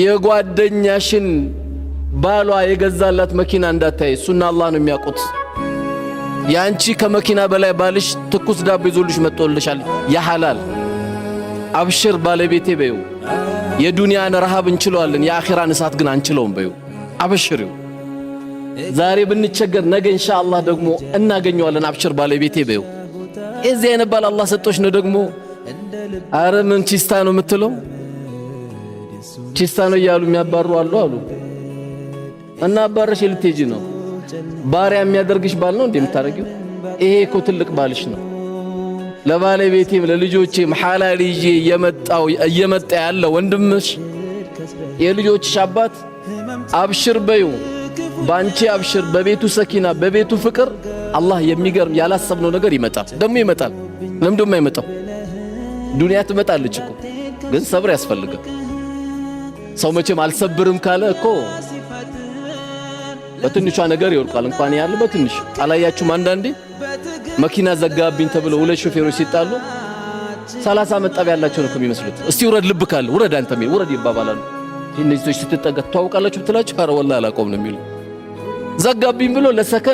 የጓደኛሽን ባሏ የገዛላት መኪና እንዳታይ፣ እሱና አላህ ነው የሚያውቁት። የአንቺ ከመኪና በላይ ባልሽ ትኩስ ዳቦ ይዞልሽ መጥቶልሻል። የሐላል አብሽር ባለቤቴ በዩ የዱንያን ረሃብ እንችለዋለን፣ የአኺራን እሳት ግን አንችለውም በዩ አብሽሪው። ዛሬ ብንቸገር ነገ ኢንሻአላህ ደግሞ እናገኘዋለን። አብሽር ባለቤቴ በዩ እዚህ አይነት ባል አላህ ሰጦች ነው ደግሞ አረ ምን ቺስታ ነው የምትለው ቺስታ ነው እያሉ የሚያባሩ አሉ አሉ እና አባረሽ ልትሄጂ ነው። ባሪያ የሚያደርግሽ ባል ነው እንደምታረጊው። ይሄ እኮ ትልቅ ባልሽ ነው። ለባለቤቴም ለልጆቼም ሓላል ይዤ እየመጣው እየመጣ ያለ ወንድምሽ የልጆችሽ አባት አብሽር በዩ ባንቺ አብሽር፣ በቤቱ ሰኪና፣ በቤቱ ፍቅር። አላህ የሚገርም ያላሰብነው ነገር ይመጣል። ደግሞ ይመጣል። ለምንድነው የማይመጣው? ዱንያ ትመጣለች እኮ ግን ሰብር ያስፈልጋል። ሰው መቼም አልሰብርም ካለ እኮ በትንሿ ነገር ይወድቃል። እንኳን ያለ በትንሽ አላያችሁም? አንዳንዴ መኪና ዘጋብኝ ተብሎ ሁለት ሾፌሮች ሲጣሉ ሰላሳ መጣብ ያላቸው ነው የሚመስሉት። እስቲ ውረድ፣ ልብ ካለ ውረድ፣ አንተ ምን ውረድ ይባባላሉ። እነዚህ ሰዎች ስትጠጋ ትተዋውቃላችሁ ብትላችሁ፣ አረ ወላ አላቆም ነው የሚሉ ዘጋብኝ ብሎ ለሰከ